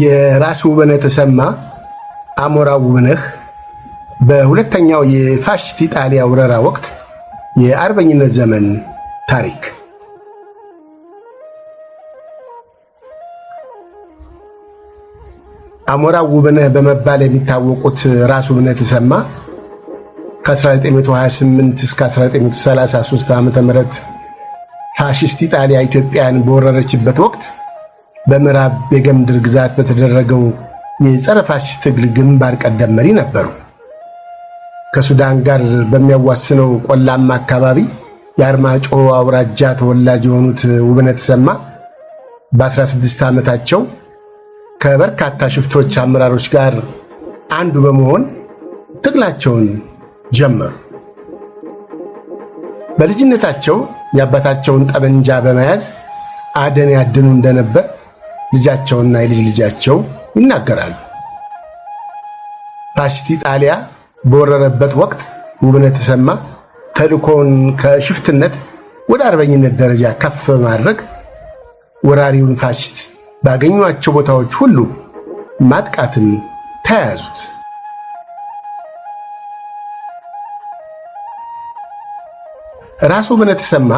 የራስ ውበነ ተሰማ አሞራ ውብነህ በሁለተኛው የፋሽስት ኢጣሊያ ወረራ ወቅት የአርበኝነት ዘመን ታሪክ አሞራ ውብነህ በመባል የሚታወቁት ራስ ውብነህ ተሰማ ከ1928 እስከ 1933 ዓ.ም ፋሽስት ኢጣሊያ ኢትዮጵያን በወረረችበት ወቅት በምዕራብ የገምድር ግዛት በተደረገው የጸረ ትግል ግንባር ቀደም መሪ ነበሩ። ከሱዳን ጋር በሚያዋስነው ቆላማ አካባቢ የአርማጮ አውራጃ ተወላጅ የሆኑት ውብነ ተሰማ በ16 ዓመታቸው ከበርካታ ሽፍቶች አመራሮች ጋር አንዱ በመሆን ትግላቸውን ጀመሩ። በልጅነታቸው የአባታቸውን ጠመንጃ በመያዝ አደን ያድኑ እንደነበር ልጃቸውና የልጅ ልጃቸው ይናገራሉ። ፋሺስት ጣሊያ በወረረበት ወቅት ውብነ ተሰማ ተልእኮውን ከሽፍትነት ወደ አርበኝነት ደረጃ ከፍ በማድረግ ወራሪውን ፋሺስት ባገኟቸው ቦታዎች ሁሉ ማጥቃትን ተያያዙት። ራሱ ውብነ ተሰማ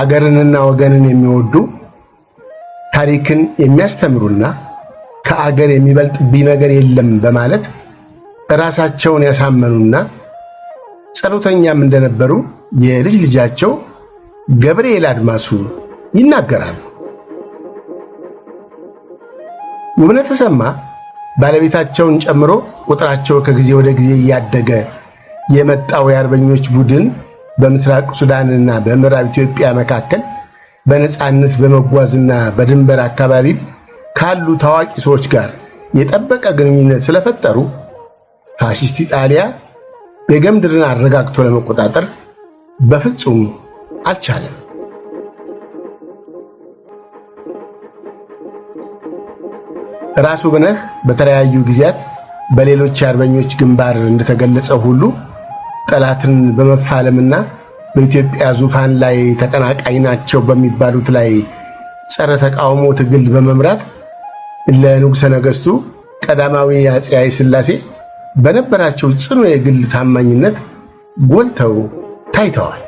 አገርንና ወገንን የሚወዱ ታሪክን የሚያስተምሩና ከአገር የሚበልጥ ነገር የለም በማለት ራሳቸውን ያሳመኑና ጸሎተኛም እንደነበሩ የልጅ ልጃቸው ገብርኤል አድማሱ ይናገራሉ። ውብነህ ተሰማ ባለቤታቸውን ጨምሮ ቁጥራቸው ከጊዜ ወደ ጊዜ እያደገ የመጣው የአርበኞች ቡድን በምስራቅ ሱዳንና በምዕራብ ኢትዮጵያ መካከል በነፃነት በመጓዝና በድንበር አካባቢ ካሉ ታዋቂ ሰዎች ጋር የጠበቀ ግንኙነት ስለፈጠሩ ፋሺስት ኢጣሊያ የገምድርን አረጋግቶ ለመቆጣጠር በፍጹም አልቻለም። ራሱ ብነህ በተለያዩ ጊዜያት በሌሎች የአርበኞች ግንባር እንደተገለጸው ሁሉ ጠላትን በመፋለምና በኢትዮጵያ ዙፋን ላይ ተቀናቃኝ ናቸው በሚባሉት ላይ ጸረ ተቃውሞ ትግል በመምራት ለንጉሠ ነገሥቱ ቀዳማዊ አፄ ኃይለ ሥላሴ በነበራቸው ጽኑ የግል ታማኝነት ጎልተው ታይተዋል።